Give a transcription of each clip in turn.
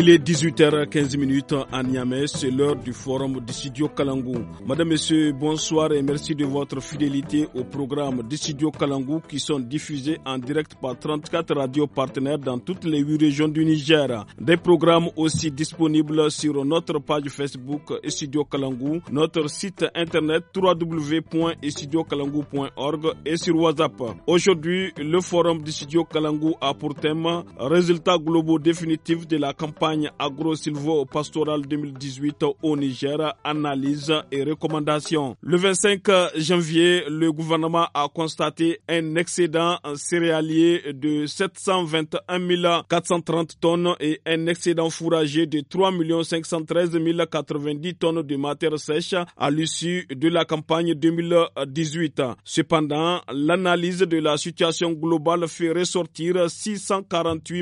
Il est 18h15 à Niamey, c'est l'heure du forum Dissidio Kalangou. Madame, Monsieur, bonsoir et merci de votre fidélité au programme Dissidio Kalangou qui sont diffusés en direct par 34 radios partenaires dans toutes les 8 régions du Niger. Des programmes aussi disponibles sur notre page Facebook Studio Kalangou, notre site internet www.estudiokalangou.org et sur WhatsApp. Aujourd'hui, le forum Dissidio Kalangou a pour thème Résultats globaux définitifs de la campagne agro-silvo-pastorale 2018 au Niger, analyse et recommandations. Le 25 janvier, le gouvernement a constaté un excédent céréalier de 721 430 tonnes et un excédent fourrager de 3 513 090 tonnes de matière sèche à l'issue de la campagne 2018. Cependant, l'analyse de la situation globale fait ressortir 648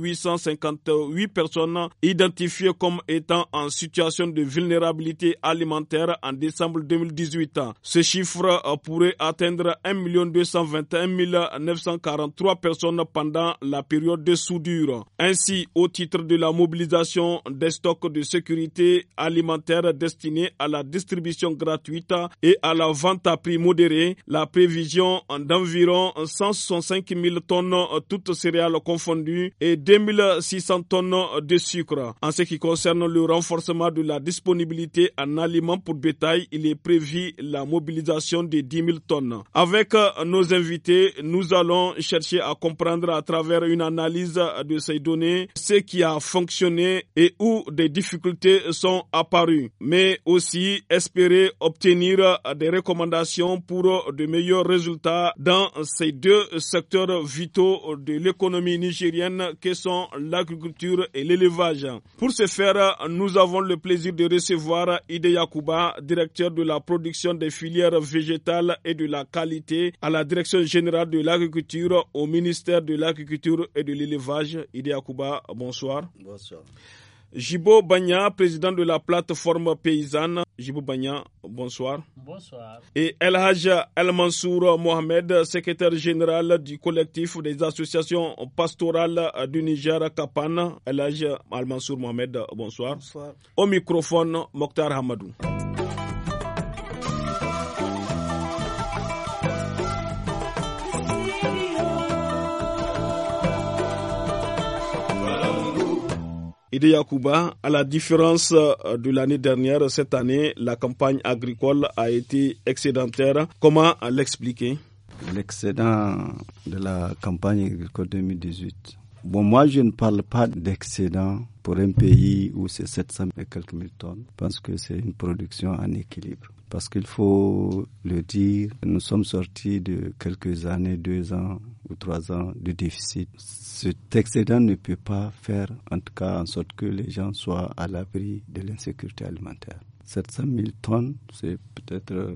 858 personnes personnes comme étant en situation de vulnérabilité alimentaire en décembre 2018. Ce chiffre euh, pourrait atteindre 1 221 943 personnes pendant la période de soudure. Ainsi, au titre de la mobilisation des stocks de sécurité alimentaire destinés à la distribution gratuite et à la vente à prix modéré, la prévision d'environ 165 000 tonnes toutes céréales confondues et 2600 tonnes de sucre. En ce qui concerne le renforcement de la disponibilité en aliments pour bétail, il est prévu la mobilisation de 10 000 tonnes. Avec euh, nos invités, nous allons chercher à comprendre à travers une analyse de ces données ce qui a fonctionné et où des difficultés sont apparues, mais aussi espérer obtenir euh, des recommandations pour euh, de meilleurs résultats dans ces deux secteurs vitaux de l'économie nigérienne que sont l'agriculture et pour ce faire, nous avons le plaisir de recevoir Ide Yakuba, directeur de la production des filières végétales et de la qualité à la direction générale de l'agriculture au ministère de l'agriculture et de l'élevage. Ide Yakuba, bonsoir. Bonsoir. Jibo Banya, président de la plateforme paysanne. Jibo Banya, bonsoir. Bonsoir. Et El Haj El Mansour Mohamed, secrétaire général du collectif des associations pastorales du Niger, Kapan. El Haj El Mansour Mohamed, bonsoir. Bonsoir. Au microphone, Mokhtar Hamadou. de Yakuba, à la différence euh, de l'année dernière, cette année, la campagne agricole a été excédentaire. Comment l'expliquer L'excédent de la campagne agricole 2018. Bon, moi, je ne parle pas d'excédent pour un pays où c'est 700 et quelques mille tonnes. Je pense que c'est une production en équilibre. Parce qu'il faut le dire, nous sommes sortis de quelques années, deux ans, trois ans de déficit. Cet excédent ne peut pas faire, en tout cas, en sorte que les gens soient à l'abri de l'insécurité alimentaire. 700 000 tonnes, c'est peut-être euh,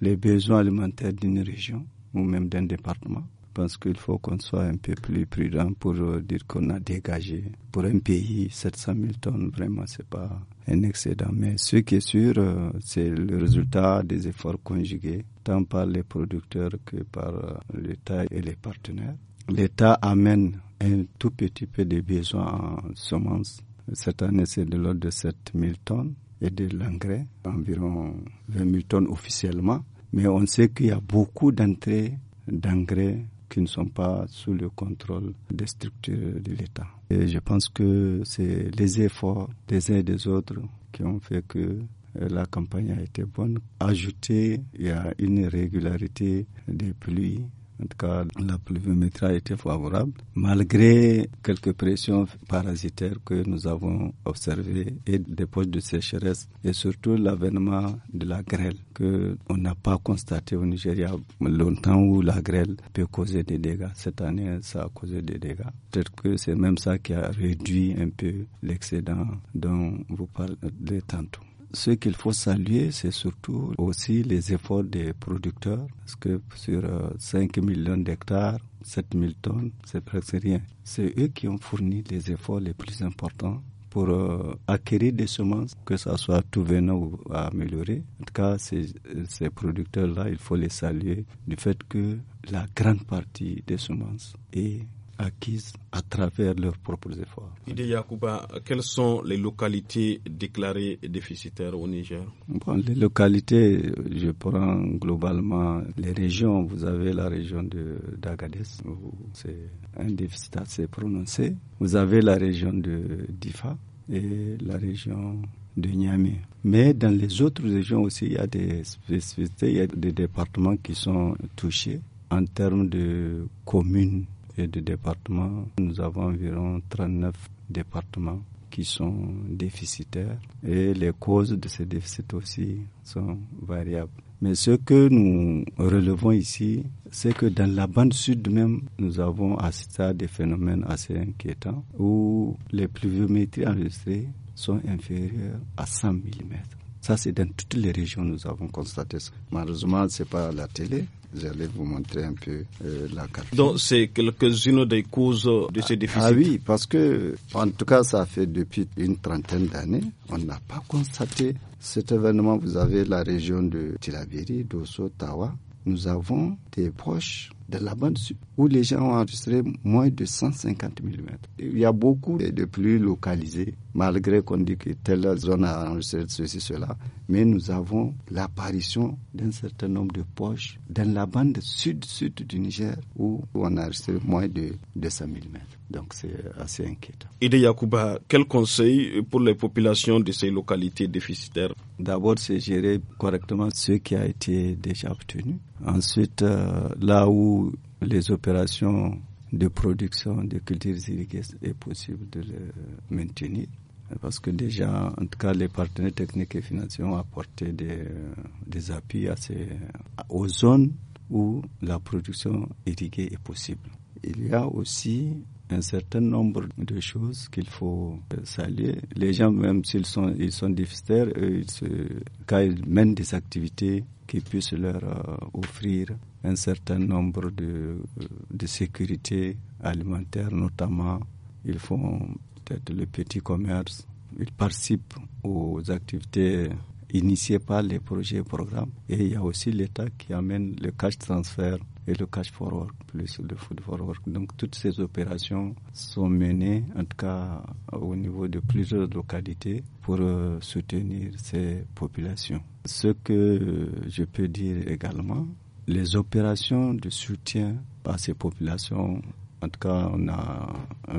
les besoins alimentaires d'une région ou même d'un département pense qu'il faut qu'on soit un peu plus prudent pour dire qu'on a dégagé. Pour un pays, 700 000 tonnes, vraiment, c'est pas un excédent. Mais ce qui est sûr, euh, c'est le résultat des efforts conjugués, tant par les producteurs que par euh, l'État et les partenaires. L'État amène un tout petit peu de besoins en semences. Cette année, c'est de l'ordre de 7 000 tonnes et de l'engrais, environ 20 000 tonnes officiellement. Mais on sait qu'il y a beaucoup d'entrées d'engrais qui ne sont pas sous le contrôle des structures de l'État. Et je pense que c'est les efforts des uns et des autres qui ont fait que euh, la campagne a été bonne. Ajouté, il y a une régularité des pluies en tout cas, la pluviométrie a été favorable, malgré quelques pressions parasitaires que nous avons observées et des poches de sécheresse, et surtout l'avènement de la grêle, que on n'a pas constaté au Nigeria longtemps où la grêle peut causer des dégâts. Cette année, ça a causé des dégâts. Peut-être que c'est même ça qui a réduit un peu l'excédent dont vous parlez tantôt. Ce qu'il faut saluer, c'est surtout aussi les efforts des producteurs, parce que sur 5 euh, millions d'hectares, 7000 tonnes, c'est presque rien. C'est eux qui ont fourni les efforts les plus importants pour euh, acquérir des semences, que ça soit tout venant ou améliorer En tout cas, ces producteurs-là, il faut les saluer du fait que la grande partie des semences est acquises à travers leurs propres efforts. quelles sont les localités déclarées déficitaires au Niger Les localités, je prends globalement les régions. Vous avez la région d'Agadez, où c'est un déficit assez prononcé. Vous avez la région de Difa et la région de Niamey. Mais dans les autres régions aussi, il y a des spécificités, il y a des départements qui sont touchés en termes de communes et de départements. Nous avons environ 39 départements qui sont déficitaires et les causes de ces déficits aussi sont variables. Mais ce que nous relevons ici, c'est que dans la bande sud même, nous avons assisté à des phénomènes assez inquiétants où les pluviométries enregistrées sont inférieures à 100 mm. Ça, c'est dans toutes les régions, nous avons constaté Malheureusement, ce n'est pas la télé. Je vais vous montrer un peu euh, la carte. Donc, c'est quelques-unes des causes de ces ah, déficits. Ah oui, parce que, en tout cas, ça fait depuis une trentaine d'années, on n'a pas constaté cet événement. Vous avez la région de Tilabiri, Dosso, Tawa. Nous avons des proches dans la bande sud où les gens ont enregistré moins de 150 mm. Il y a beaucoup de pluies localisées, malgré qu'on dit que telle zone a enregistré ceci, cela, mais nous avons l'apparition d'un certain nombre de poches dans la bande sud-sud du Niger où on a enregistré moins de 200 mm. Donc c'est assez inquiétant. Ide Yakuba, quel conseil pour les populations de ces localités déficitaires D'abord, c'est gérer correctement ce qui a été déjà obtenu. Ensuite, euh, là où les opérations de production de cultures irriguées est possible de le maintenir. Parce que déjà, en tout cas, les partenaires techniques et financiers ont apporté des, euh, des appuis à ces, aux zones où la production irriguée est possible. Il y a aussi un certain nombre de choses qu'il faut euh, saluer. Les gens, même s'ils sont, ils sont déficitaires, se, quand ils mènent des activités qui puissent leur euh, offrir un certain nombre de, euh, de sécurité alimentaire, notamment, ils font peut-être le petit commerce, ils participent aux activités initiées par les projets et programmes. Et il y a aussi l'État qui amène le cash transfert et le cash work plus le food for work. Donc toutes ces opérations sont menées, en tout cas au niveau de plusieurs localités, pour euh, soutenir ces populations. Ce que je peux dire également, les opérations de soutien à ces populations en tout cas, on a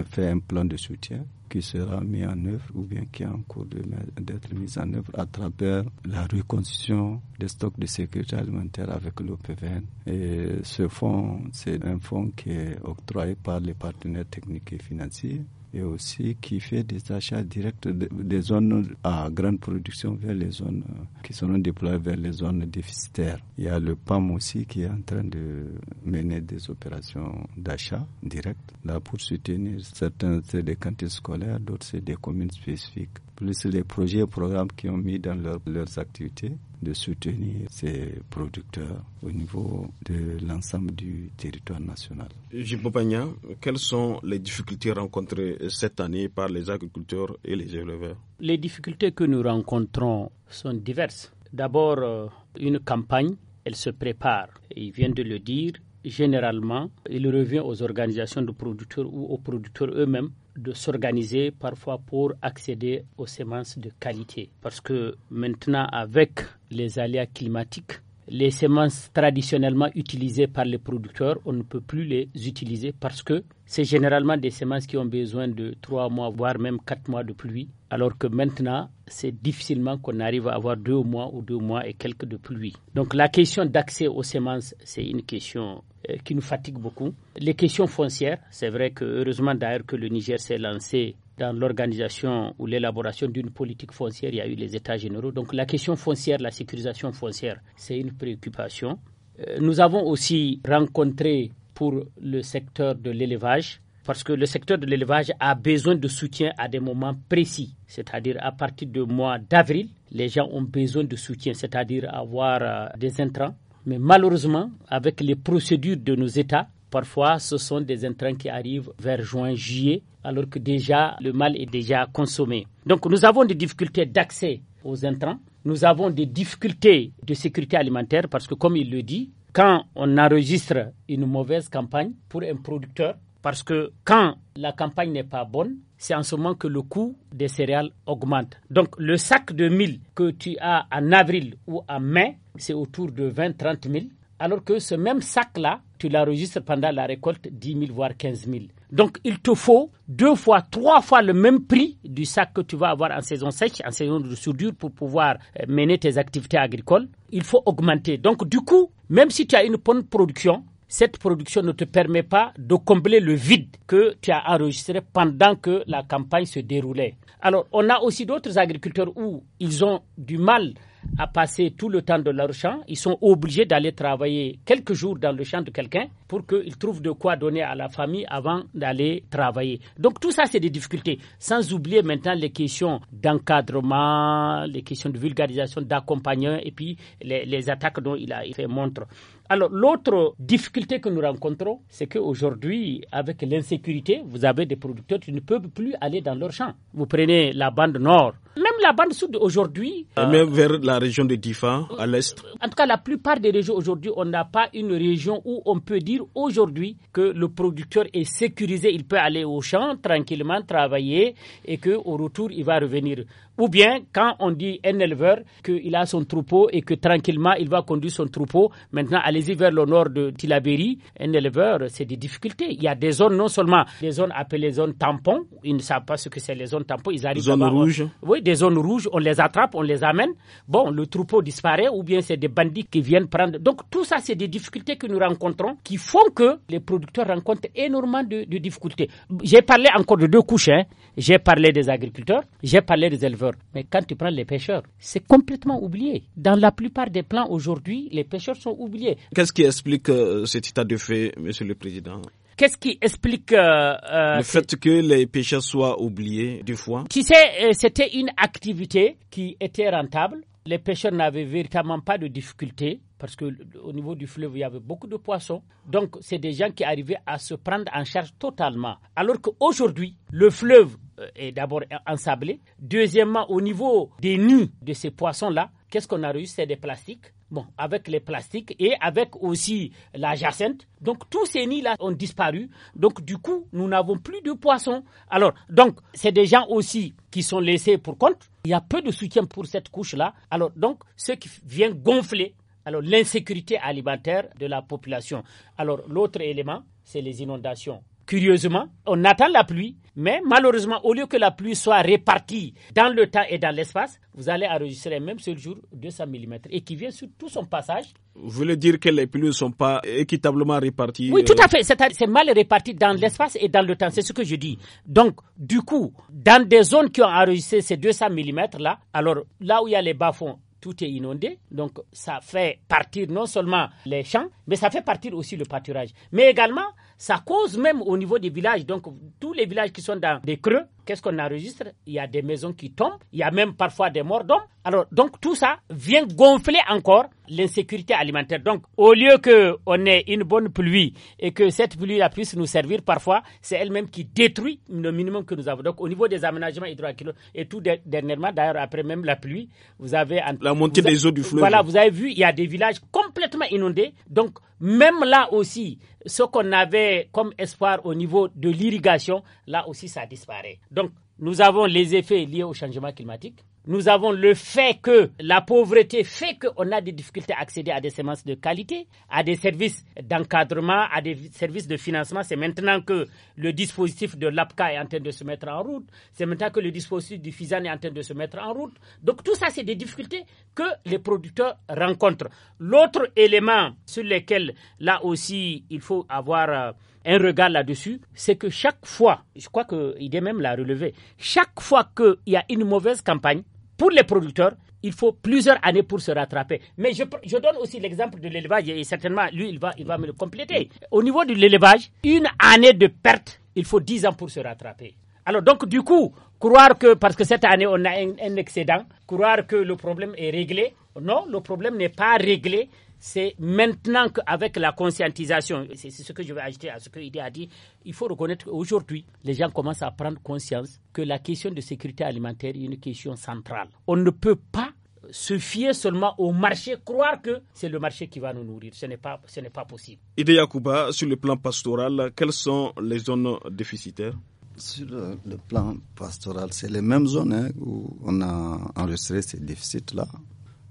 fait un plan de soutien qui sera mis en œuvre ou bien qui est en cours d'être mis en œuvre à travers la reconstitution des stocks de sécurité alimentaire avec l'OPVN. Et ce fonds, c'est un fonds qui est octroyé par les partenaires techniques et financiers et aussi qui fait des achats directs des zones à grande production vers les zones euh, qui seront déployées vers les zones déficitaires. Il y a le PAM aussi qui est en train de mener des opérations d'achat direct là pour soutenir certains c'est des cantines scolaires, d'autres c'est des communes spécifiques. Plus les projets et programmes qui ont mis dans leurs activités de soutenir ces producteurs au niveau de l'ensemble du territoire national. Jibobagna, quelles sont les difficultés rencontrées cette année par les agriculteurs et les éleveurs Les difficultés que nous rencontrons sont diverses. D'abord, euh, une campagne, elle se prépare. Il vient de le dire, généralement, il revient aux organisations de producteurs ou aux producteurs eux-mêmes de s'organiser parfois pour accéder aux semences de qualité. Parce que maintenant, avec les aléas climatiques, les semences traditionnellement utilisées par les producteurs, on ne peut plus les utiliser parce que c'est généralement des semences qui ont besoin de trois mois, voire même quatre mois de pluie, alors que maintenant, c'est difficilement qu'on arrive à avoir deux mois ou deux mois et quelques de pluie. Donc la question d'accès aux semences, c'est une question euh, qui nous fatigue beaucoup. Les questions foncières, c'est vrai que heureusement d'ailleurs que le Niger s'est lancé dans l'organisation ou l'élaboration d'une politique foncière, il y a eu les États généraux. Donc la question foncière, la sécurisation foncière, c'est une préoccupation. Euh, nous avons aussi rencontré pour le secteur de l'élevage, parce que le secteur de l'élevage a besoin de soutien à des moments précis, c'est-à-dire à partir du mois d'avril, les gens ont besoin de soutien, c'est-à-dire avoir euh, des intrants. Mais malheureusement, avec les procédures de nos États, Parfois, ce sont des intrants qui arrivent vers juin, juillet, alors que déjà le mal est déjà consommé. Donc nous avons des difficultés d'accès aux intrants. Nous avons des difficultés de sécurité alimentaire parce que, comme il le dit, quand on enregistre une mauvaise campagne pour un producteur, parce que quand la campagne n'est pas bonne, c'est en ce moment que le coût des céréales augmente. Donc le sac de mille que tu as en avril ou en mai, c'est autour de 20-30 000, alors que ce même sac-là, tu l'enregistres pendant la récolte 10 000 voire 15 000. Donc il te faut deux fois, trois fois le même prix du sac que tu vas avoir en saison sèche, en saison de soudure pour pouvoir euh, mener tes activités agricoles. Il faut augmenter. Donc du coup, même si tu as une bonne production, cette production ne te permet pas de combler le vide que tu as enregistré pendant que la campagne se déroulait. Alors, on a aussi d'autres agriculteurs où ils ont du mal à passer tout le temps dans leur champ. Ils sont obligés d'aller travailler quelques jours dans le champ de quelqu'un pour qu'ils trouvent de quoi donner à la famille avant d'aller travailler. Donc tout ça, c'est des difficultés. Sans oublier maintenant les questions d'encadrement, les questions de vulgarisation, d'accompagnement et puis les, attaques dont il a fait montre. Alors l'autre difficulté que nous rencontrons, c'est qu'aujourd'hui, avec l'insécurité, vous avez des producteurs qui ne peuvent plus aller dans leur champ. Vous prenez la bande nord, même la bande sud aujourd'hui... même euh, vers la région de Difa, à l'est. En tout cas, la plupart des régions aujourd'hui, on n'a pas une région où on peut dire aujourd'hui que le producteur est sécurisé, il peut aller au champ tranquillement travailler et qu'au retour, il va revenir. Ou bien, quand on dit un éleveur qu'il a son troupeau et que tranquillement il va conduire son troupeau, maintenant allez-y vers le nord de Tilaberi, un éleveur, c'est des difficultés. Il y a des zones, non seulement des zones appelées zones tampons, ils ne savent pas ce que c'est les zones tampons, ils arrivent zones rouges. Oui, des zones rouges, on les attrape, on les amène. Bon, le troupeau disparaît ou bien c'est des bandits qui viennent prendre. Donc tout ça, c'est des difficultés que nous rencontrons qui font que les producteurs rencontrent énormément de, de difficultés. J'ai parlé encore de deux couches. Hein. J'ai parlé des agriculteurs, j'ai parlé des éleveurs. Mais quand tu prends les pêcheurs, c'est complètement oublié. Dans la plupart des plans aujourd'hui, les pêcheurs sont oubliés. Qu'est-ce qui explique euh, cet état de fait, Monsieur le Président Qu'est-ce qui explique euh, euh, le fait que les pêcheurs soient oubliés du fois Tu sais, c'était une activité qui était rentable. Les pêcheurs n'avaient véritablement pas de difficultés parce que au niveau du fleuve, il y avait beaucoup de poissons. Donc, c'est des gens qui arrivaient à se prendre en charge totalement. Alors qu'aujourd'hui, le fleuve euh, est d'abord ensablé. Deuxièmement, au niveau des nids de ces poissons-là, qu'est-ce qu'on a réussi C'est des plastiques. Bon, avec les plastiques et avec aussi la jacinthe. Donc tous ces nids-là ont disparu. Donc du coup, nous n'avons plus de poissons. Alors, donc, c'est des gens aussi qui sont laissés pour compte. Il y a peu de soutien pour cette couche-là. Alors, donc, ce qui vient gonfler alors l'insécurité alimentaire de la population. Alors l'autre élément, c'est les inondations Curieusement, on attend la pluie, mais malheureusement, au lieu que la pluie soit répartie dans le temps et dans l'espace, vous allez enregistrer même ce jour 200 mm et qui vient sur tout son passage. Vous voulez dire que les pluies ne sont pas équitablement réparties Oui, tout à euh, fait. C'est mal réparti dans l'espace et dans le temps. C'est ce que je dis. Donc, du coup, dans des zones qui ont enregistré ces 200 mm-là, alors là où il y a les bas-fonds, tout est inondé. Donc ça fait partir non seulement les champs, mais ça fait partir aussi le pâturage. Mais également, ça cause même au niveau des villages. Donc tous les villages qui sont dans des creux, qu'est-ce qu'on enregistre Il y a des maisons qui tombent, il y a même parfois des morts d'hommes. Alors, donc tout ça vient gonfler encore l'insécurité alimentaire. Donc, au lieu qu'on ait une bonne pluie et que cette pluie-là puisse nous servir parfois, c'est elle-même qui détruit le minimum que nous avons. Donc, au niveau des aménagements hydroalcooliques et tout dernièrement, d'ailleurs, après même la pluie, vous avez... La montée des eaux du fleuve. Voilà, vous avez vu, il y a des villages complètement inondés. Donc, même là aussi, ce qu'on avait comme espoir au niveau de l'irrigation, là aussi, ça disparaît. Donc, nous avons les effets liés au changement climatique nous avons le fait que la pauvreté fait qu'on a des difficultés à accéder à des semences de qualité, à des services d'encadrement, à des services de financement. C'est maintenant que le dispositif de l'APCA est en train de se mettre en route. C'est maintenant que le dispositif du FISAN est en train de se mettre en route. Donc tout ça, c'est des difficultés que les producteurs rencontrent. L'autre élément sur lequel, là aussi, il faut avoir euh, un regard là-dessus, c'est que chaque fois, je crois qu'il est même la relevé, chaque fois qu'il y a une mauvaise campagne, pour les producteurs, il faut plusieurs années pour se rattraper. Mais je, donne aussi l'exemple de l'élevage, et certainement, lui, il va, me le compléter. Au niveau de l'élevage, une année de perte, il faut dix ans pour se rattraper. Alors donc, du coup, croire que parce que cette année, on a un excédent, croire que le problème est réglé, non, le problème n'est pas réglé c'est maintenant qu'avec la conscientisation, c'est ce que je vais ajouter à ce que Idi a dit, il faut reconnaître qu'aujourd'hui, les gens commencent à prendre conscience que la question de sécurité alimentaire est une question centrale. On ne peut pas se fier seulement au marché, croire que c'est le marché qui va nous nourrir. Ce n'est pas, pas possible. Idé Yacouba, sur le plan pastoral, quelles sont les zones déficitaires Sur le, plan pastoral, c'est les mêmes zones hein, où on a enregistré ces déficits-là.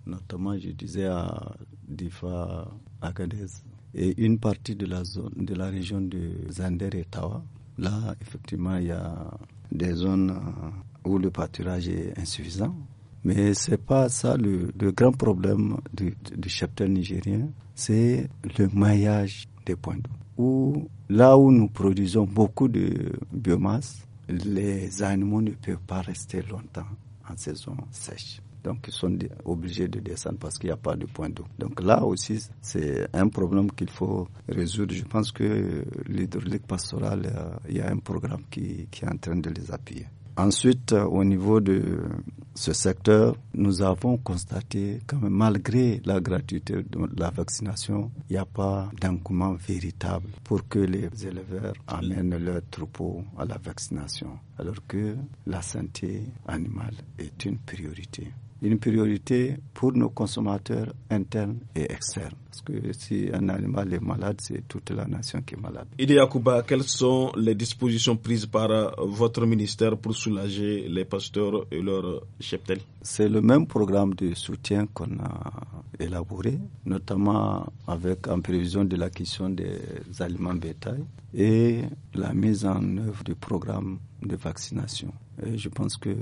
Notamment, je disais à Difa, Agadez et une partie de la zone, de la région de Zander et Tawa. Là, effectivement, il y a des zones euh, où le pâturage est insuffisant. Mais ce n'est pas ça le, grand problème du, du cheptel nigérien, c'est le maillage des points d'eau. Où, là où nous produisons beaucoup de biomasse, les animaux ne peuvent pas rester longtemps en saison sèche. Donc, ils sont obligés de descendre parce qu'il n'y a pas de point d'eau. Donc là aussi, c'est un problème qu'il faut résoudre. Je pense que l'hydraulique pastorale, euh, il y a un programme qui, qui est en train de les appuyer. Ensuite, euh, au niveau de ce secteur, nous avons constaté que malgré la gratuité de la vaccination, il n'y a pas d'engouement véritable pour que les éleveurs amènent leurs troupeaux à la vaccination, alors que la santé animale est une priorité une priorité pour nos consommateurs internes et externes. Parce que si un animal est malade, c'est toute la nation qui est malade. Idi Kouba, quelles sont les dispositions prises par euh, votre ministère pour soulager les pasteurs et leurs cheptels C'est le même programme de soutien qu'on a élaboré, notamment avec en prévision de la question des aliments bétail et la mise en œuvre du programme de vaccination. Euh, je pense que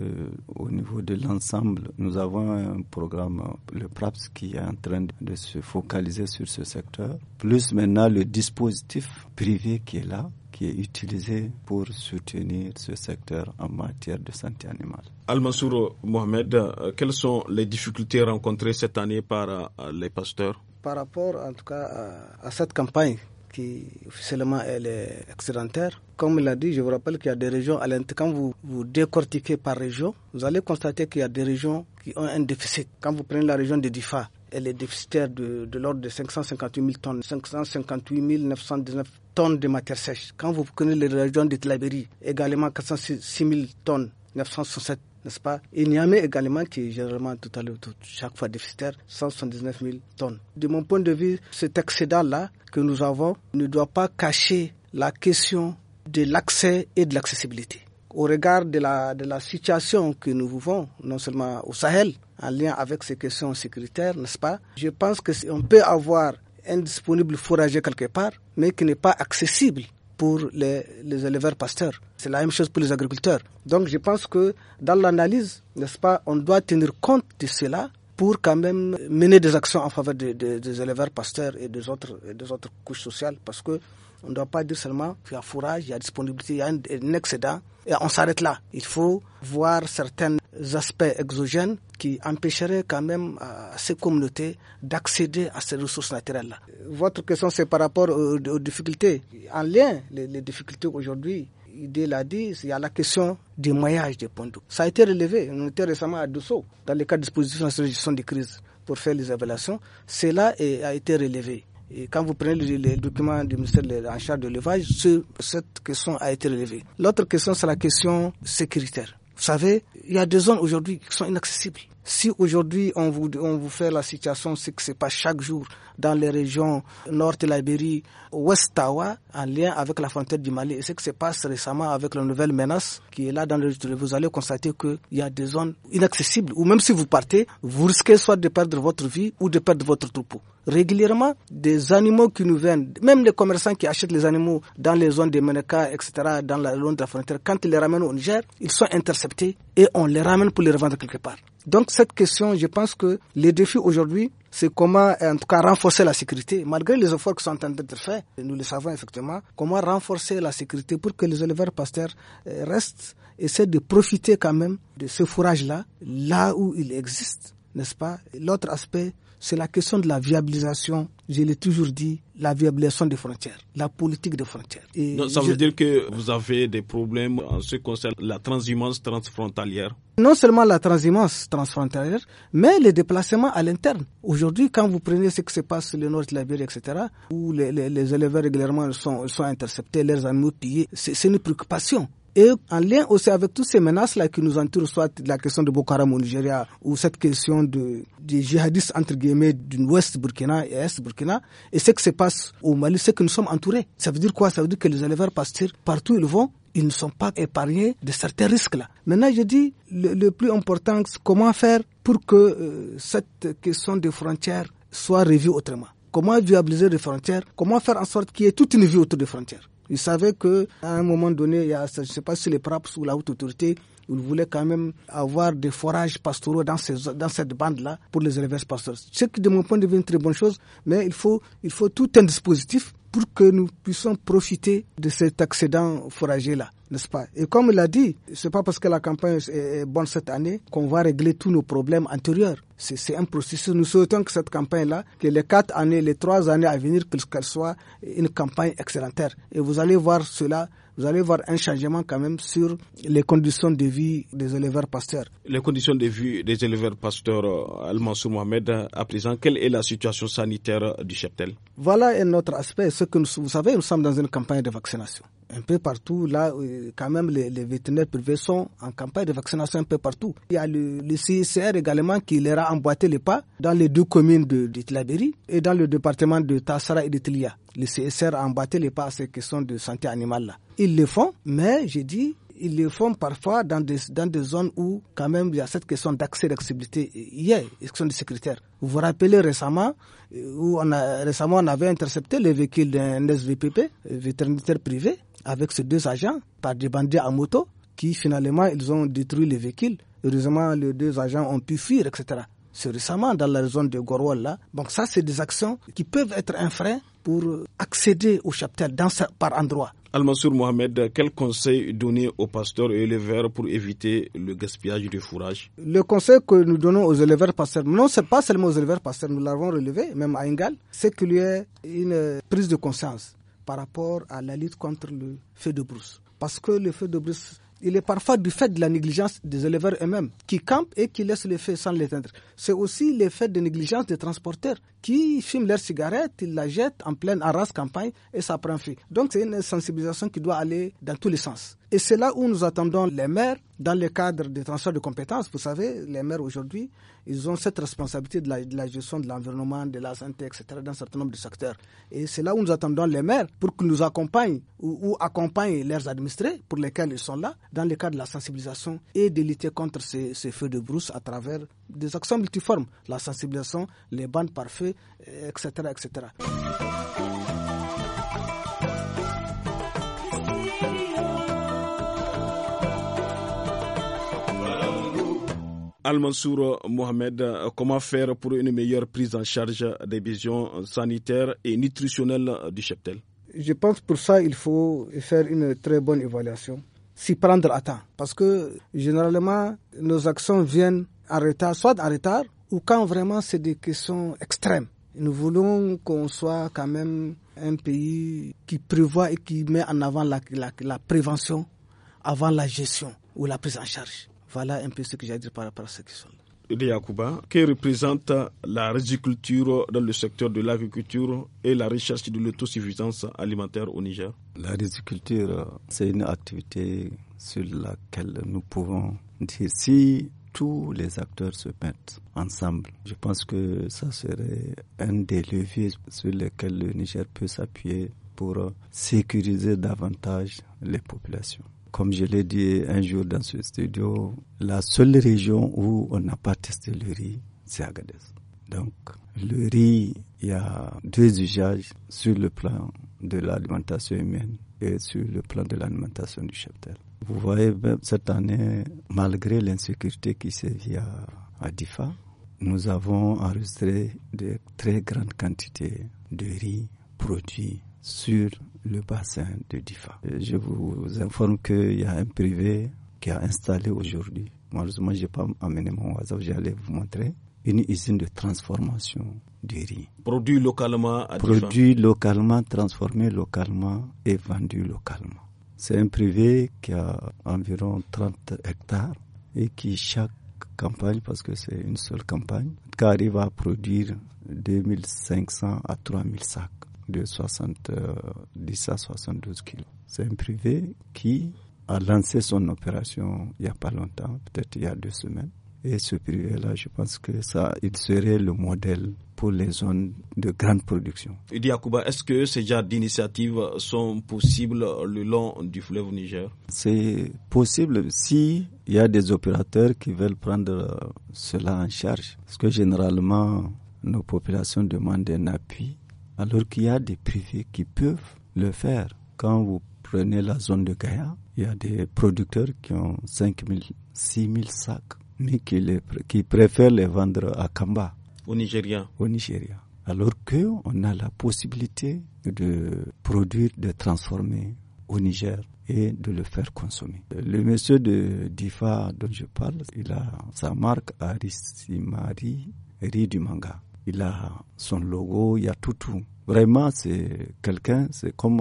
au niveau de l'ensemble, nous avons un programme, le PRAPS, qui est en train de se focaliser sur ce secteur. Plus maintenant le dispositif privé qui est là, qui est utilisé pour soutenir ce secteur en matière de santé animale. Al-Mansour Mohamed, euh, quelles sont les difficultés rencontrées cette année par euh, les pasteurs Par rapport en tout cas à cette campagne qui officiellement, elle est excédentaire. Comme il l'a dit, je vous rappelle qu'il y a des régions, à quand vous, vous décortiquez par région, vous allez constater qu'il y a des régions qui ont un déficit. Quand vous prenez la région de Difa, elle est déficitaire de, de l'ordre de 558 000 tonnes, 558 919 tonnes de matière sèche. Quand vous prenez les régions de Tlaberi, également 406 000 tonnes, 967 n'est-ce pas a même également, qui est généralement tout à l'heure, chaque fois déficitaire, 179 000 tonnes. De mon point de vue, cet excédent-là que nous avons ne doit pas cacher la question de l'accès et de l'accessibilité. Au regard de la, de la situation que nous vivons, non seulement au Sahel, en lien avec ces questions sécuritaires, n'est-ce pas Je pense que on peut avoir un disponible fourragé quelque part, mais qui n'est pas accessible pour les, les éleveurs pasteurs. C'est la même chose pour les agriculteurs. Donc je pense que dans l'analyse, n'est-ce pas, on doit tenir compte de cela pour quand même mener des actions en faveur des des éleveurs pasteurs et des autres, des autres couches sociales parce que on ne doit pas dire seulement qu'il y a fourrage, il y a disponibilité, il y a un, un excédent et on s'arrête là. Il faut voir certaines aspects exogènes qui empêcheraient quand même euh, ces communautés d'accéder à ces ressources naturelles-là. Votre question, c'est par rapport aux, difficultés. En lien, les, les difficultés aujourd'hui, il l'a dit, il y a la question du maillage des ponts Ça a été relevé, on était récemment à Dosso, dans le cadre de dispositions de gestion des crises pour faire les évaluations. Cela a été relevé. Et quand vous prenez les, documents du ministère en charge de l'élevage, cette question a été relevée. L'autre question, c'est la question sécuritaire. Vous savez, il y a des zones aujourd'hui qui sont inaccessibles. Si aujourd'hui on vous, on vous fait la situation, c'est que c'est pas chaque jour dans les régions nord de l'Ibérie, ouest Tawa, en lien avec la frontière du Mali, et ce qui se passe récemment avec la nouvelle menace qui est là dans le vous allez constater qu'il y a des zones inaccessibles ou même si vous partez, vous risquez soit de perdre votre vie ou de perdre votre troupeau. Régulièrement, des animaux qui nous viennent, même les commerçants qui achètent les animaux dans les zones des Meneka, etc., dans la zone de la frontière, quand ils les ramènent au Niger, ils sont interceptés et on les ramène pour les revendre quelque part. Donc cette question, je pense que le défi aujourd'hui, c'est comment, euh, en tout cas, renforcer la sécurité. Malgré les efforts qui sont en train d'être faits, nous le savons effectivement, comment renforcer la sécurité pour que les éleveurs pasteurs euh, restent, essaient de profiter quand même de ce fourrage-là, là où il existe n'est-ce pas L'autre aspect, c'est la question de la viabilisation, je l'ai toujours dit, la viabilisation des frontières, la politique des frontières. non, ça veut dire que vous avez des problèmes en ce qui concerne la transhumance transfrontalière Non seulement la transhumance transfrontalière, mais les déplacements à l'interne. Aujourd'hui, quand vous prenez ce qui se passe sur le nord de la ville, etc., où les, les, les éleveurs régulièrement sont, sont interceptés, leurs animaux pillés, c'est une préoccupation. Et en lien aussi avec toutes ces menaces-là qui nous entourent, soit la question de Bokaram au Nigeria ou cette question de, des djihadistes, entre guillemets, d'une ouest Burkina et est Burkina, et ce qui se passe au Mali, c'est que nous sommes entourés. Ça veut dire quoi Ça veut dire que les éleveurs pasteurs, partout où ils vont, ils ne sont pas épargnés de certains risques-là. Maintenant, je dis, le, plus important, c'est comment faire pour que euh, cette question des frontières soit revue autrement. Comment viabiliser les frontières Comment faire en sorte qu'il y ait toute une vie autour des frontières ils savaient qu'à un moment donné, il y a, je ne sais pas si les PRAPS ou la haute autorité, ils voulaient quand même avoir des forages pastoraux dans, ces, dans cette bande-là pour les éleveurs ce C'est de mon point de vue une très bonne chose, mais il faut, il faut tout un dispositif pour que nous puissions profiter de cet excédent forager-là, n'est-ce pas Et comme il l'a dit, c'est pas parce que la campagne est bonne cette année qu'on va régler tous nos problèmes antérieurs. C'est un processus. Nous souhaitons que cette campagne-là, que les quatre années, les trois années à venir, qu'elle soit une campagne excellentaire. Et vous allez voir cela vous allez voir un changement quand même sur les conditions de vie des éleveurs pasteurs. Les conditions de vie des éleveurs pasteurs, euh, allemands, mansour Mohamed, à présent, quelle est la situation sanitaire du cheptel Voilà un autre aspect. que nous, vous savez, nous sommes dans une campagne de vaccination un peu partout. Là, euh, quand même, les, vétérinaires privés sont en campagne de vaccination un peu partout. Il y a le, CSR également qui leur a emboîté les pas dans les deux communes de, de et dans le département de Tassara et de Tilia. Le CSR a emboîté les pas à ces questions de santé animale-là. Ils le font, mais j'ai dit, ils le font parfois dans des, dans des zones où, quand même, il y a cette question d'accès, d'accessibilité. Il y a une question de Vous vous rappelez récemment, euh, où on a, récemment, on avait intercepté le véhicule d'un SVPP, euh, vétérinaire privé, avec ces deux agents par des bandits à moto qui finalement ils ont détruit les véhicules. Heureusement, les deux agents ont pu fuir, etc. C'est récemment dans la zone de Gorwal Donc ça, c'est des actions qui peuvent être un frein pour accéder au chapitre dans par endroit. Al-Mansour Mohamed, quel conseil donner aux pasteurs et éleveurs pour éviter le gaspillage du fourrage Le conseil que nous donnons aux éleveurs pasteurs, non, ce n'est pas seulement aux éleveurs pasteurs, nous l'avons relevé, même à Ingal, c'est qu'il y ait une prise de conscience par rapport à la lutte contre le feu de brousse. Parce que le feu de brousse, il est parfois du fait de la négligence des éleveurs eux-mêmes qui campent et qui laissent le feu sans l'éteindre. C'est aussi le fait de négligence des transporteurs qui fument leur cigarette, ils la jettent en pleine arras campagne et ça prend feu. Donc c'est une sensibilisation qui doit aller dans tous les sens. Et c'est là où nous attendons les maires dans le cadre des transferts de compétences. Vous savez, les maires aujourd'hui, ils ont cette responsabilité de la, gestion de l'environnement, de la santé, etc., dans un certain nombre de secteurs. Et c'est là où nous attendons les maires pour qu'ils nous accompagnent ou, accompagnent leurs administrés pour lesquels ils sont là, dans le cadre de la sensibilisation et de lutter contre ces, ces feux de brousse à travers des actions multiformes, la sensibilisation, les bandes par feu, etc. etc. Al-Mansour Mohamed, comment faire pour une meilleure prise en charge des visions sanitaires et nutritionnelles du cheptel Je pense pour ça, il faut faire une très bonne évaluation, s'y prendre à temps. Parce que généralement, nos actions viennent en retard, soit en retard, ou quand vraiment c'est des questions extrêmes. Nous voulons qu'on soit quand même un pays qui prévoit et qui met en avant la prévention avant la gestion ou la prise en charge. Voilà un peu ce que j'ai à dire par rapport à cette question. que représente la résiculture dans le secteur de l'agriculture et la recherche de l'autosuffisance alimentaire au Niger La riziculture, c'est une activité sur laquelle nous pouvons dire si tous les acteurs se mettent ensemble. Je pense que ça serait un des leviers sur lesquels le Niger peut s'appuyer pour sécuriser davantage les populations comme je l'ai dit un jour dans ce studio, la seule région où on n'a pas testé le riz, c'est Agadez. Donc, le riz, il y a deux usages sur le plan de l'alimentation humaine et sur le plan de l'alimentation du cheptel. Vous voyez, cette année, malgré l'insécurité qui sévit à, à Difa, nous avons enregistré de très grandes quantités de riz produits sur le bassin de Difa. Euh, je vous informe qu'il y a un privé qui a installé aujourd'hui. Malheureusement, je n'ai pas amené mon hasard j'allais vous montrer. Une usine de transformation du riz. Produit localement Produit localement, transformé localement et vendu localement. C'est un privé qui a environ 30 hectares et qui chaque campagne, parce que c'est une seule campagne, qui arrive à produire 2500 à 3000 sacs de 70 euh, à 72 kilos. C'est un privé qui a lancé son opération il n'y a pas longtemps, peut-être il y a deux semaines. Et ce privé-là, je pense que ça, il serait le modèle pour les zones de grande production. est-ce que ces genres d'initiatives sont possibles le long du fleuve Niger C'est possible si il y a des opérateurs qui veulent prendre euh, cela en charge. Parce que généralement, nos populations demandent un appui alors qu'il y a des privés qui peuvent le faire. Quand vous prenez la zone de Gaïa, il y a des producteurs qui ont 5 000, 6 000 sacs, mais qui, préfèrent les vendre à Kamba. Au Nigeria. Au Nigeria. Alors qu'on a la possibilité de produire, de transformer au Niger et de le faire consommer. Le monsieur de Difa dont je parle, il a sa marque Arisimari, riz du manga il a son logo, il y a tout, tout. Vraiment, c'est quelqu'un, c'est comme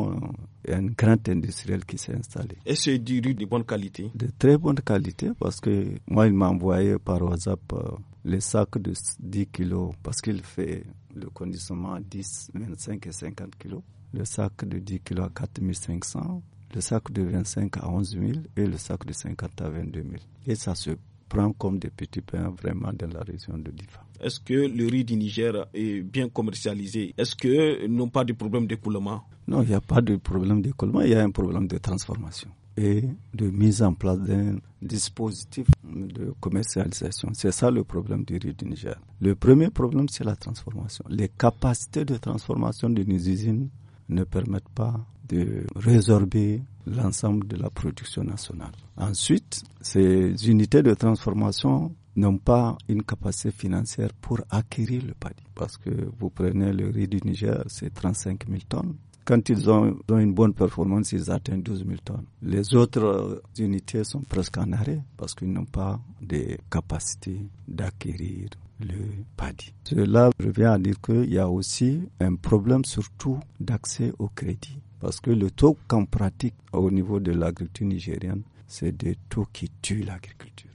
une un, grand industriel qui s'est installé. Et c'est du riz de bonne qualité De très bonne qualité, parce que moi, il m'a envoyé par WhatsApp euh, les sacs de 10 kilos, parce qu'il fait le conditionnement à 10, 25 et 50 kilos. Le sac de 10 kilos à 4500, le sac de 25 à 11 000 et le sac de 50 à 22 000. Et ça se prend comme des petits pains vraiment dans la région de Difa. Est-ce que le riz du Niger est bien commercialisé Est-ce qu'ils n'ont pas de problème d'écoulement Non, il n'y a pas de problème d'écoulement, il y a un problème de transformation et de mise en place d'un dispositif de commercialisation. C'est ça le problème du riz du Niger. Le premier problème, c'est la transformation. Les capacités de transformation d'une usine ne permettent pas de résorber l'ensemble de la production nationale. Ensuite, ces unités de transformation n'ont pas une capacité financière pour acquérir le paddy. Parce que vous prenez le riz du Niger, c'est 35 000 tonnes. Quand ils ont, une bonne performance, ils atteignent 12 000 tonnes. Les autres euh, unités sont presque en arrêt parce qu'ils n'ont pas de capacité d'acquérir le paddy. Cela revient à dire qu'il y a aussi un problème surtout d'accès au crédit. Parce que le taux qu'on pratique au niveau de l'agriculture nigérienne, c'est des taux qui tuent l'agriculture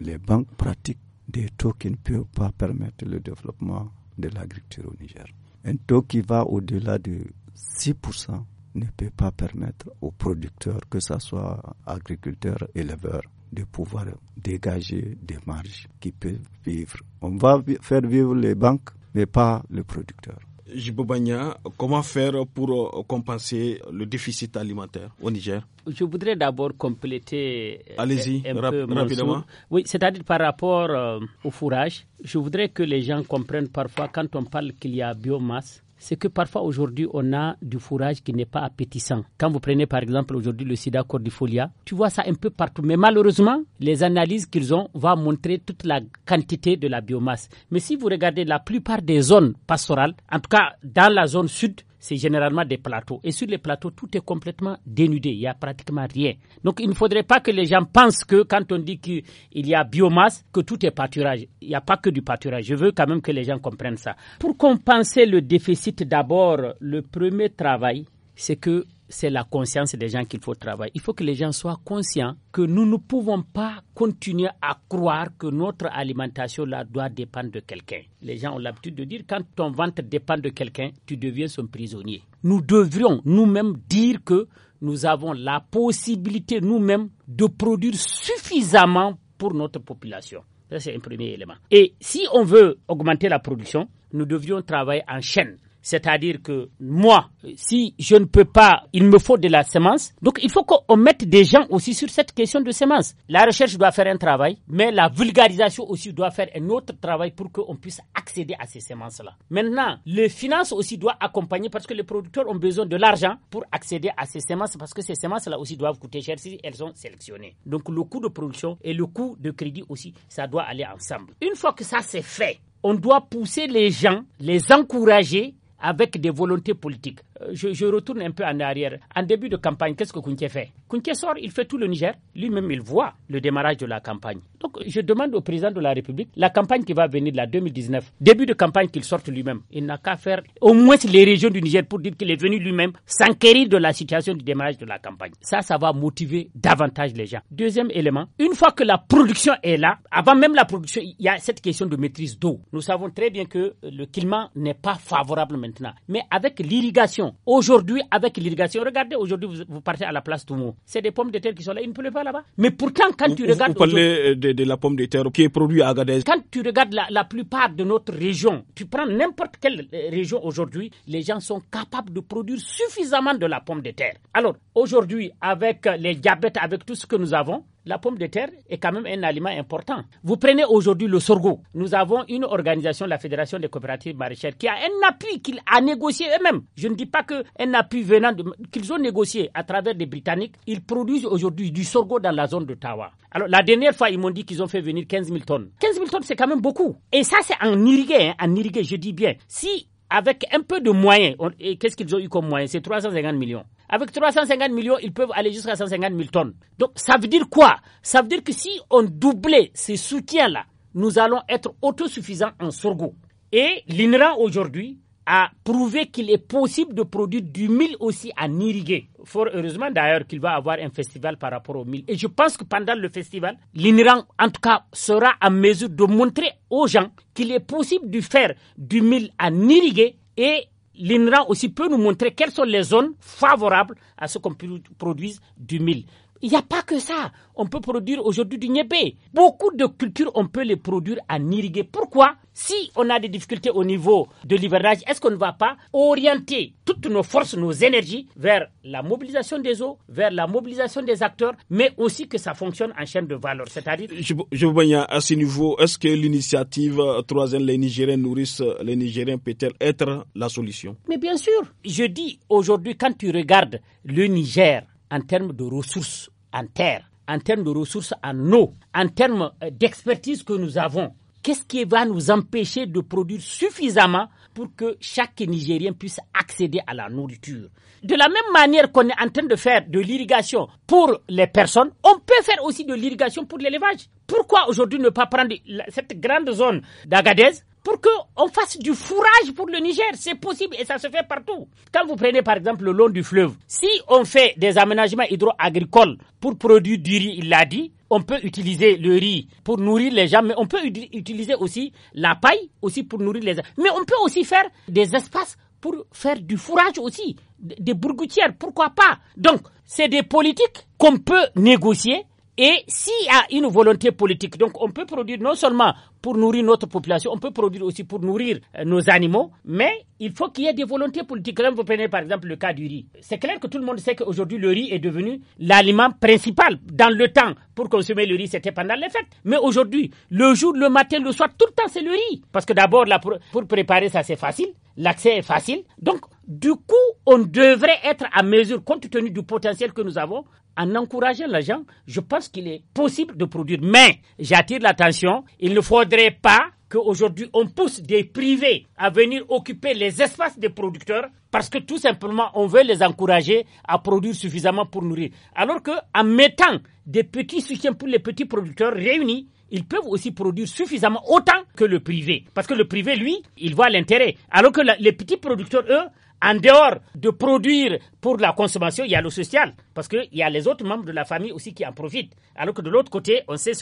les banques pratiquent des taux qui ne peuvent pas permettre le développement de l'agriculture au Niger. Un taux qui va au-delà de 6% ne peut pas permettre aux producteurs, que ce soit agriculteurs, éleveurs, de pouvoir dégager des marges qui peuvent vivre. On va faire vivre les banques, mais pas les producteurs. Jibobanya, comment faire pour euh, compenser le déficit alimentaire au Niger Je voudrais d'abord compléter euh, Allez-y, rapidement. Oui, c'est-à-dire par rapport euh, au fourrage, je voudrais que les gens comprennent parfois quand on parle qu'il y a biomasse, c'est que parfois aujourd'hui, on a du fourrage qui n'est pas appétissant. Quand vous prenez par exemple aujourd'hui le sida cordifolia, tu vois ça un peu partout. Mais malheureusement, les analyses qu'ils ont vont montrer toute la quantité de la biomasse. Mais si vous regardez la plupart des zones pastorales, en tout cas dans la zone sud, c'est généralement des plateaux. Et sur les plateaux, tout est complètement dénudé. Il n'y a pratiquement rien. Donc, il ne faudrait pas que les gens pensent que quand on dit qu'il y a biomasse, que tout est pâturage. Il n'y a pas que du pâturage. Je veux quand même que les gens comprennent ça. Pour compenser le déficit, d'abord, le premier travail, c'est que c'est la conscience des gens qu'il faut travailler. Il faut que les gens soient conscients que nous ne pouvons pas continuer à croire que notre alimentation doit dépendre de quelqu'un. Les gens ont l'habitude de dire quand ton ventre dépend de quelqu'un, tu deviens son prisonnier. Nous devrions nous-mêmes dire que nous avons la possibilité nous-mêmes de produire suffisamment pour notre population. Ça, c'est un premier élément. Et si on veut augmenter la production, nous devrions travailler en chaîne. C'est-à-dire que moi, si je ne peux pas, il me faut de la semence. Donc il faut qu'on mette des gens aussi sur cette question de semence. La recherche doit faire un travail, mais la vulgarisation aussi doit faire un autre travail pour qu'on puisse accéder à ces semences-là. Maintenant, les finances aussi doivent accompagner parce que les producteurs ont besoin de l'argent pour accéder à ces semences parce que ces semences-là aussi doivent coûter cher si elles sont sélectionnées. Donc le coût de production et le coût de crédit aussi, ça doit aller ensemble. Une fois que ça c'est fait, on doit pousser les gens, les encourager avec des volontés politiques. Euh, je, je, retourne un peu en arrière. En début de campagne, qu'est-ce que Kounke fait Kounke sort, il fait tout le Niger. Lui-même, il voit le démarrage de la campagne. Donc, je demande au président de la République, la campagne qui va venir, de la 2019, début de campagne qu'il sorte lui-même. Il n'a qu'à faire au moins les régions du Niger pour dire qu'il est venu lui-même s'enquérir de la situation du démarrage de la campagne. Ça, ça va motiver davantage les gens. Deuxième élément, une fois que la production est là, avant même la production, il y a cette question de maîtrise d'eau. Nous savons très bien que le climat n'est pas favorable maintenant. Mais avec l'irrigation, Aujourd'hui, avec l'irrigation, regardez, aujourd'hui, vous, partez à la place Toumo. C'est des pommes de terre qui sont là. Il ne pleut pas là-bas. Mais pourtant, quand tu regardes. parlez euh, de, la pomme de terre qui est produite à Agadez. Quand tu regardes la, la plupart de notre région, tu prends n'importe quelle euh, région aujourd'hui, les gens sont capables de produire suffisamment de la pomme de terre. Alors, aujourd'hui, avec euh, les diabètes, avec tout ce que nous avons, la pomme de terre est quand même un aliment important. Vous prenez aujourd'hui le sorgho. Nous avons une organisation, la Fédération des coopératives maraîchères, qui a un appui qu'ils a négocié eux-mêmes. Je ne dis pas qu'un appui venant de qu'ils ont négocié à travers des Britanniques. Ils produisent aujourd'hui du sorgho dans la zone de Tawa. Alors, la dernière fois, ils m'ont dit qu'ils ont fait venir 15 000 tonnes. 15 000 tonnes, c'est quand même beaucoup. Et ça, c'est en irrigué, hein, en irrigué, je dis bien. Si avec un peu de moyens, qu'est-ce qu'ils ont eu comme moyens C'est 350 millions. Avec 350 millions, ils peuvent aller jusqu'à 150 000 tonnes. Donc ça veut dire quoi Ça veut dire que si on doublait ces soutiens-là, nous allons être autosuffisants en sorgho. Et l'INRA aujourd'hui a prouvé qu'il est possible de produire du mil aussi en irrigué. Fort heureusement d'ailleurs qu'il va avoir un festival par rapport au mil. Et je pense que pendant le festival, l'INRAN en tout cas sera en mesure de montrer aux gens qu'il est possible de faire du mil en irrigué et l'INRAN aussi peut nous montrer quelles sont les zones favorables à ce qu'on produise du mil. Il n'y a pas que ça. On peut produire aujourd'hui du niébé. Beaucoup de cultures, on peut les produire en irriguer. Pourquoi Si on a des difficultés au niveau de l'hivernage, est-ce qu'on ne va pas orienter toutes nos forces, nos énergies vers la mobilisation des eaux, vers la mobilisation des acteurs, mais aussi que ça fonctionne en chaîne de valeur C'est-à-dire. Je, je dire, à ce niveau, est-ce que l'initiative euh, Troisième, les Nigériens nourrissent euh, les Nigériens peut-elle être la solution Mais bien sûr. Je dis aujourd'hui, quand tu regardes le Niger, en termes de ressources en terre, en termes de ressources en eau, en termes euh, d'expertise que nous avons, qu'est-ce qui va nous empêcher de produire suffisamment pour que chaque Nigérien puisse accéder à la nourriture De la même manière qu'on est en train de faire de l'irrigation pour les personnes, on peut faire aussi de l'irrigation pour l'élevage. Pourquoi aujourd'hui ne pas prendre cette grande zone d'Agadez pour qu'on fasse du fourrage pour le Niger. C'est possible et ça se fait partout. Quand vous prenez par exemple le long du fleuve, si on fait des aménagements hydro-agricoles pour produire du riz, il l'a dit, on peut utiliser le riz pour nourrir les gens, mais on peut utiliser aussi la paille aussi pour nourrir les gens. Mais on peut aussi faire des espaces pour faire du fourrage aussi, des bourgoutières, pourquoi pas. Donc, c'est des politiques qu'on peut négocier et s'il y a une volonté politique, donc on peut produire non seulement pour nourrir notre population, on peut produire aussi pour nourrir euh, nos animaux, mais il faut qu'il y ait des volontés politiques. Là, vous prenez par exemple le cas du riz, c'est clair que tout le monde sait qu'aujourd'hui le riz est devenu l'aliment principal dans le temps. Pour consommer le riz, c'était pendant les fêtes. Mais aujourd'hui, le jour, le matin, le soir, tout le temps, c'est le riz. Parce que d'abord, pour, pour préparer ça, c'est facile. L'accès est facile. Donc, du coup, on devrait être à mesure, compte tenu du potentiel que nous avons, en encourageant les gens, je pense qu'il est possible de produire. Mais j'attire l'attention, il ne faudrait pas qu'aujourd'hui on pousse des privés à venir occuper les espaces des producteurs parce que tout simplement on veut les encourager à produire suffisamment pour nourrir. Alors qu'en mettant des petits soutiens pour les petits producteurs réunis, ils peuvent aussi produire suffisamment autant que le privé. Parce que le privé, lui, il voit l'intérêt. Alors que les petits producteurs, eux, en dehors de produire pour la consommation, il y a le social, parce qu'il y a les autres membres de la famille aussi qui en profitent. Alors que de l'autre côté, on sait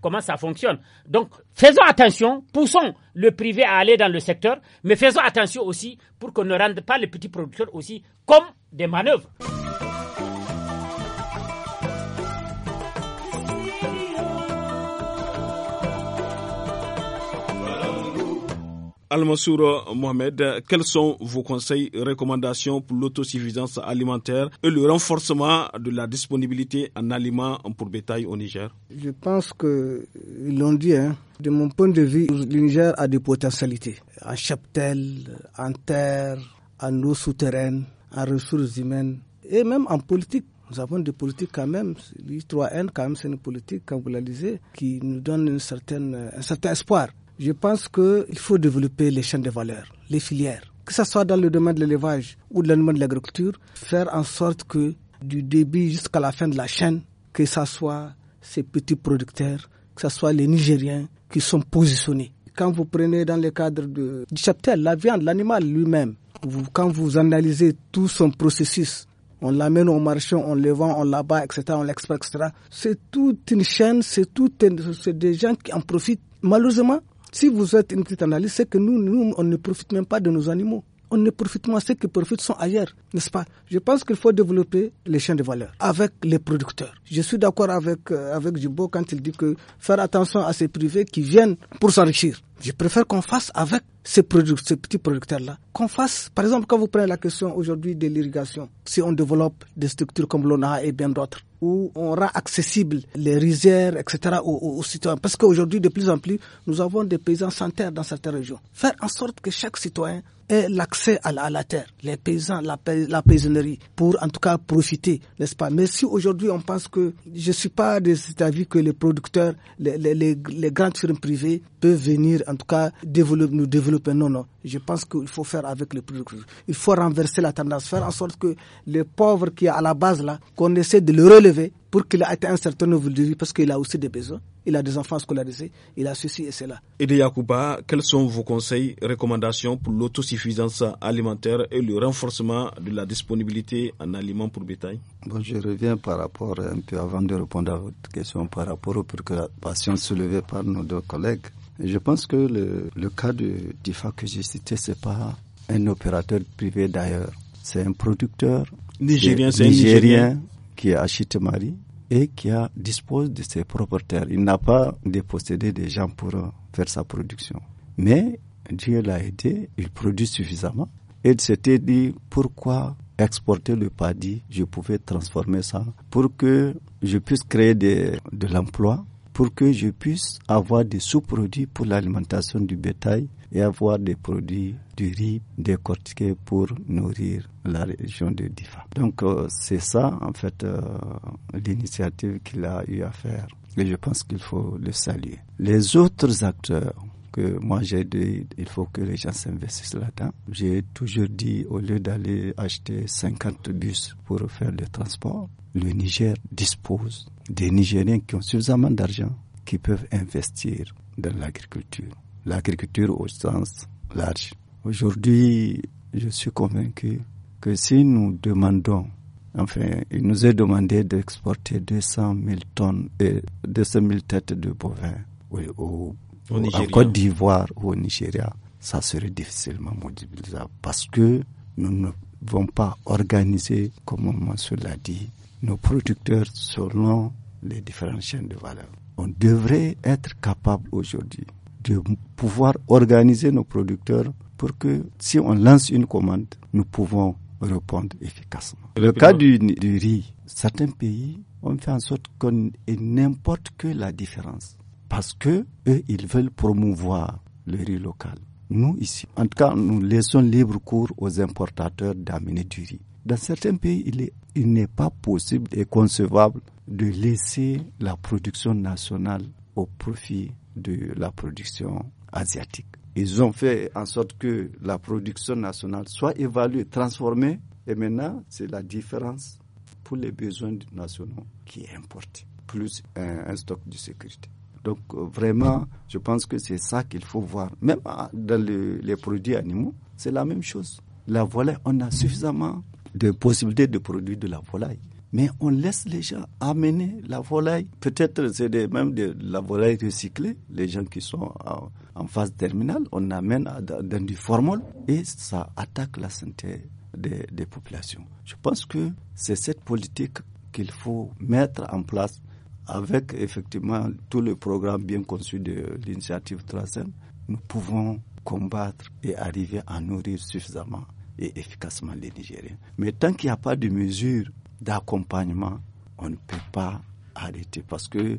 comment ça fonctionne. Donc, faisons attention, poussons le privé à aller dans le secteur, mais faisons attention aussi pour qu'on ne rende pas les petits producteurs aussi comme des manœuvres. Al-Mansour Mohamed, quels sont vos conseils, recommandations pour l'autosuffisance alimentaire et le renforcement de la disponibilité en aliments pour bétail au Niger Je pense que l'ont dit, hein, de mon point de vue, le Niger a des potentialités en cheptel, en terre, en eau souterraine, en ressources humaines et même en politique. Nous avons des politiques quand même, l'I3N quand même c'est une politique, comme vous l'avez dit, qui nous donne une certaine, un certain espoir je pense qu'il faut développer les chaînes de valeur, les filières, que ce soit dans le domaine de l'élevage ou dans le domaine de l'agriculture, faire en sorte que du début jusqu'à la fin de la chaîne, que ce soit ces petits producteurs, que ce soit les Nigériens qui sont positionnés. Quand vous prenez dans le cadre de, du chapitre, la viande, l'animal lui-même, quand vous analysez tout son processus, on l'amène au marché, on le vend, on l'abat, etc., on l'exporte, etc. C'est toute une chaîne, c'est tout des gens qui en profitent. Malheureusement, si vous êtes une petite analyse, c'est que nous, nous, on ne profite même pas de nos animaux. On ne profite moins, ceux qui profitent sont ailleurs, n'est-ce pas Je pense qu'il faut développer les chaînes de valeur avec les producteurs. Je suis d'accord avec, euh, avec Djibo quand il dit que faire attention à ces privés qui viennent pour s'enrichir. Je préfère qu'on fasse avec ces, produits, ces petits producteurs-là. Qu'on fasse, par exemple, quand vous prenez la question aujourd'hui de l'irrigation, si on développe des structures comme l'ONA et bien d'autres, où on rend accessible les rizières, etc. aux, aux, citoyens. Parce qu'aujourd'hui, de plus en plus, nous avons des paysans sans terre dans certaines régions. Faire en sorte que chaque citoyen ait l'accès à, la, terre, les paysans, la, la paysannerie, pour en tout cas profiter, n'est-ce pas Mais si aujourd'hui on pense que je suis pas de cet avis que les producteurs, les, les, les, grandes firmes privées peuvent venir en tout cas développer, nous développer. Non, non. Je pense qu'il faut faire avec les producteurs. Il faut renverser la tendance, faire en sorte que les pauvres qui à la base là, qu'on essaie de le relever pour qu'il ait un certain niveau de vie parce qu'il a aussi des besoins. Il a des enfants scolarisés, il a ceci et cela. Et de Yakouba, quels sont vos conseils, recommandations pour l'autosuffisance alimentaire et le renforcement de la disponibilité en aliments pour bétail Je reviens par rapport, un peu avant de répondre à votre question, par rapport aux préoccupations soulevées par nos deux collègues. Je pense que le, cas de DIFA que j'ai cité, ce n'est pas un opérateur privé d'ailleurs. C'est un producteur nigérien, c'est un nigérien qui a acheté Marie et qui a, dispose de ses propres terres. Il n'a pas dépossédé des gens pour euh, faire sa production. Mais Dieu l'a aidé, il produit suffisamment. Et il s'était dit, pourquoi exporter le paddy Je pouvais transformer ça pour que je puisse créer de l'emploi pour que je puisse avoir des sous-produits pour l'alimentation du bétail et avoir des produits du riz décortiqués pour nourrir la région de Difa. Donc euh, c'est ça en fait euh, l'initiative qu'il a eu à faire et je pense qu'il faut le saluer. Les autres acteurs que moi j'ai dit, il faut que les gens s'investissent là-dedans. J'ai toujours dit, au lieu d'aller acheter 50 bus pour faire le transport, le Niger dispose des Nigériens qui ont suffisamment d'argent qui peuvent investir dans l'agriculture. L'agriculture au sens large. Aujourd'hui, je suis convaincu que si nous demandons, enfin, il nous est demandé d'exporter 200 000 tonnes et 200 000 têtes de bovins au, en Côte d'Ivoire ou au Nigeria, ça serait difficilement modifiable parce que nous ne pouvons pas organiser, comme on l'a dit, nos producteurs selon les différentes chaînes de valeur. On devrait être capable aujourd'hui de pouvoir organiser nos producteurs pour que si on lance une commande, nous pouvons répondre efficacement. Le cas du, riz, certains pays ont fait en sorte qu'on n'importe que la différence parce que eux, ils veulent promouvoir le riz local. Nous, ici, en tout cas, nous laissons libre cours aux importateurs d'amener du riz. Dans certains pays, il est il n'est pas possible et concevable de laisser la production nationale au profit de la production asiatique. Ils ont fait en sorte que la production nationale soit évaluée, transformée, et maintenant c'est la différence pour les besoins nationaux qui est importée, plus un, stock de sécurité. Donc euh, vraiment, je pense que c'est ça qu'il faut voir. Même ah, dans les produits animaux, c'est la même chose. La voilà, on a suffisamment de possibilités de produire de la volaille. Mais on laisse les gens amener la volaille. Peut-être c'est même de la volaille recyclée. Les gens qui sont en, phase terminale, on amène dans du formol et ça attaque la santé des, populations. Je pense que c'est cette politique qu'il faut mettre en place avec effectivement tout le programme bien conçu de l'initiative 3 Nous pouvons combattre et arriver à nourrir suffisamment et efficacement les Nigériens. Mais tant qu'il n'y a pas de mesures d'accompagnement, on ne peut pas arrêter parce que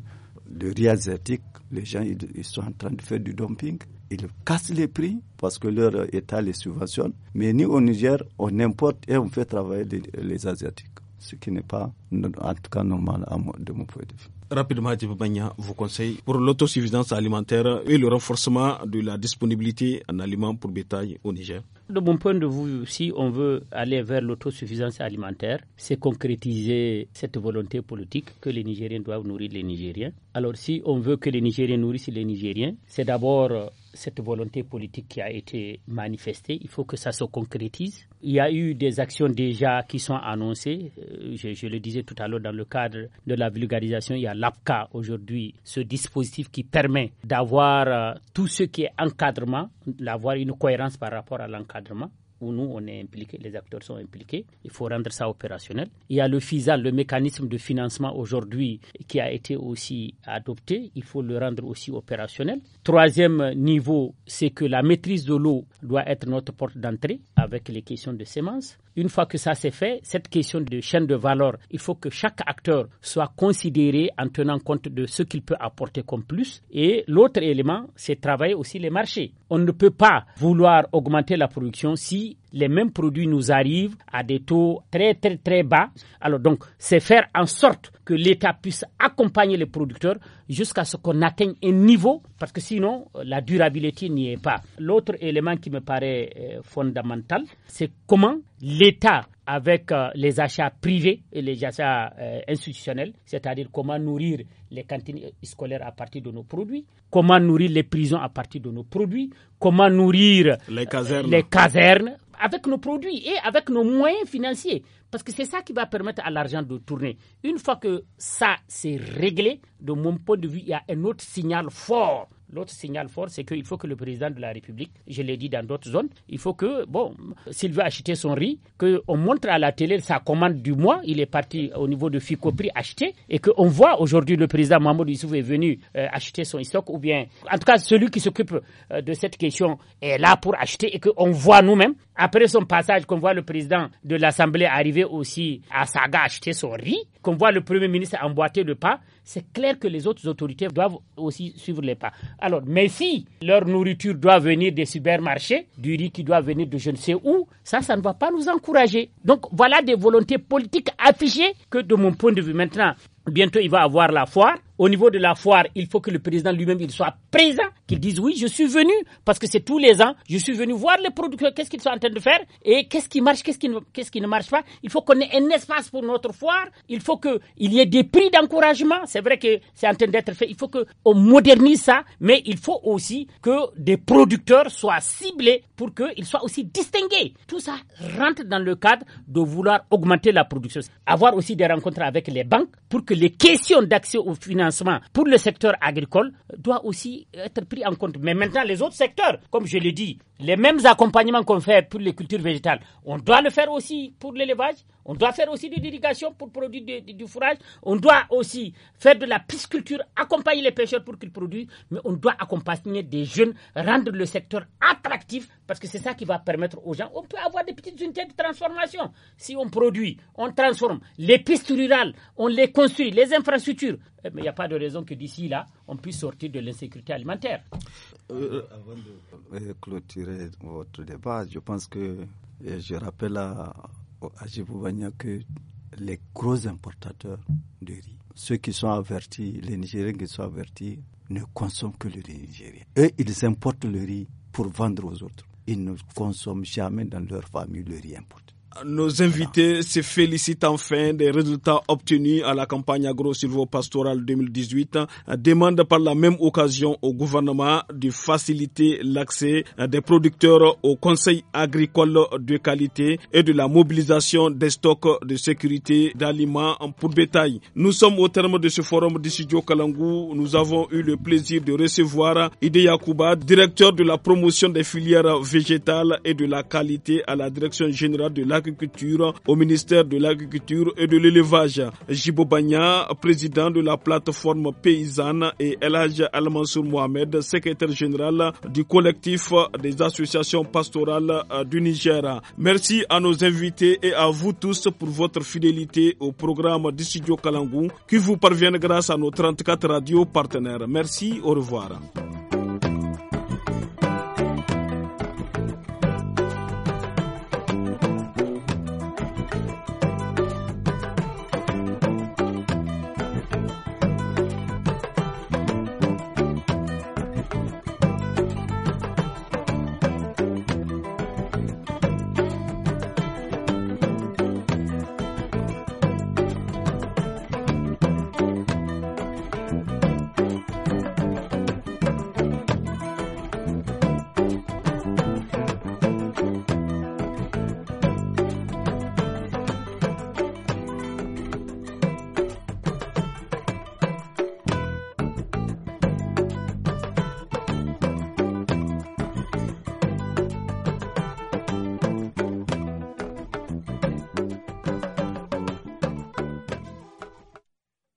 le riz asiatique, les gens ils sont en train de faire du dumping. Ils cassent les prix parce que leur État les subventionne. Mais nous, au Niger, on importe et on fait travailler les, les Asiatiques, ce qui n'est pas, en tout cas, normal de mon point de vue rapidement, Bagna, vous conseille pour l'autosuffisance alimentaire et le renforcement de la disponibilité en aliments pour bétail au Niger De mon point de vue, si on veut aller vers l'autosuffisance alimentaire, c'est concrétiser cette volonté politique que les Nigériens doivent nourrir les Nigériens alors si on veut que les Nigériens nourrissent les Nigériens, c'est d'abord euh, cette volonté politique qui a été manifestée. Il faut que ça se concrétise. Il y a eu des actions déjà qui sont annoncées. Euh, je, le disais tout à l'heure dans le cadre de la vulgarisation, il y a l'APCA aujourd'hui, ce dispositif qui permet d'avoir euh, tout ce qui est encadrement, d'avoir une cohérence par rapport à l'encadrement où nous, on est impliqués, les acteurs sont impliqués. Il faut rendre ça opérationnel. Il y a le FISA, le mécanisme de financement aujourd'hui, qui a été aussi adopté. Il faut le rendre aussi opérationnel. Troisième niveau, c'est que la maîtrise de l'eau doit être notre porte d'entrée avec les questions de sémences. Une fois que ça s'est fait, cette question de chaîne de valeur, il faut que chaque acteur soit considéré en tenant compte de ce qu'il peut apporter comme plus. Et l'autre élément, c'est travailler aussi les marchés. On ne peut pas vouloir augmenter la production si les mêmes produits nous arrivent à des taux très très très bas. Alors donc, c'est faire en sorte que l'État puisse accompagner les producteurs jusqu'à ce qu'on atteigne un niveau, parce que sinon, euh, la durabilité n'y est pas. L'autre élément qui me paraît euh, fondamental, c'est comment l'État avec euh, les achats privés et les achats institutionnels, c'est-à-dire comment nourrir les cantines scolaires à partir de nos produits, comment nourrir les prisons à partir de nos produits, comment nourrir les casernes, les casernes avec nos produits et avec nos moyens financiers. Parce que c'est ça qui va permettre à l'argent de tourner. Une fois que ça, s'est réglé, de mon point de vue, il y a un autre signal fort L'autre signal fort, c'est qu'il faut que le président de la République, je l'ai dit dans d'autres zones, il faut que, bon, s'il veut acheter son riz, qu'on montre à la télé sa commande du mois. Il est parti au niveau de Ficopri acheter et qu'on voit aujourd'hui le président Mahmoud Issouf est venu euh, acheter son stock ou bien, en tout cas, celui qui s'occupe euh, de cette question est là pour acheter et qu'on voit nous-mêmes. Après son passage, qu'on voit le président de l'Assemblée arriver aussi à Saga acheter son riz qu'on voit le Premier ministre emboîter le pas, c'est clair que les autres autorités doivent aussi suivre les pas. Alors, mais si leur nourriture doit venir des supermarchés, du riz qui doit venir de je ne sais où, ça, ça ne va pas nous encourager. Donc, voilà des volontés politiques affichées que de mon point de vue maintenant, bientôt il va avoir la foire. Au niveau de la foire, il faut que le président lui-même il soit présent, qu'il dise oui, je suis venu parce que c'est tous les ans, je suis venu voir les producteurs, qu'est-ce qu'ils sont en train de faire et qu'est-ce qui marche, qu'est-ce qui qu'est-ce qui ne marche pas. Il faut qu'on ait un espace pour notre foire. Il faut qu'il y ait des prix d'encouragement. C'est vrai que c'est en train d'être fait. Il faut qu'on modernise ça, mais il faut aussi que des producteurs soient ciblés pour qu'ils soient aussi distingués. Tout ça rentre dans le cadre de vouloir augmenter la production. Avoir aussi des rencontres avec les banques pour que les questions d'accès au financement pour le secteur agricole doivent aussi être prises en compte. Mais maintenant, les autres secteurs, comme je l'ai dit, les mêmes accompagnements qu'on fait pour les cultures végétales, on doit le faire aussi pour l'élevage, on doit faire aussi de l'irrigation pour produire du, fourrage, on doit aussi faire de la pisciculture, accompagner les pêcheurs pour qu'ils produisent, mais on doit accompagner des jeunes, rendre le secteur attractif, parce que c'est ça qui va permettre aux gens, on peut avoir des petites unités de transformation. Si on produit, on transforme, les pistes rurales, on les construit, les infrastructures, euh, mais il n'y a pas de raison que d'ici là, on puisse sortir de l'insécurité alimentaire. Euh, euh, avant de clôturer votre débat, je pense que je rappelle à, à que les gros importateurs de riz, ceux qui sont avertis, les Nigériens qui sont avertis, ne consomment que le riz nigérien. Eux, ils importent le riz pour vendre aux autres. Ils ne consomment jamais dans leur famille le riz importé nos invités se félicitent enfin des résultats obtenus à la campagne agro-silvopastorale 2018, Demande par la même occasion au gouvernement de faciliter l'accès des producteurs au conseil agricole de qualité et de la mobilisation des stocks de sécurité d'aliments pour bétail. Nous sommes au terme de ce forum de Studio Kalangou. Nous avons eu le plaisir de recevoir Ide directeur de la promotion des filières végétales et de la qualité à la direction générale de l'agriculture au ministère de l'Agriculture et de l'Élevage. Jibo Banya, président de la plateforme paysanne et Elhaj Al-Mansour Mohamed, secrétaire général du collectif des associations pastorales euh, du Niger. Merci à nos invités et à vous tous pour votre fidélité au programme du studio Kalangou qui vous parvient grâce à nos 34 radios partenaires. Merci, au revoir.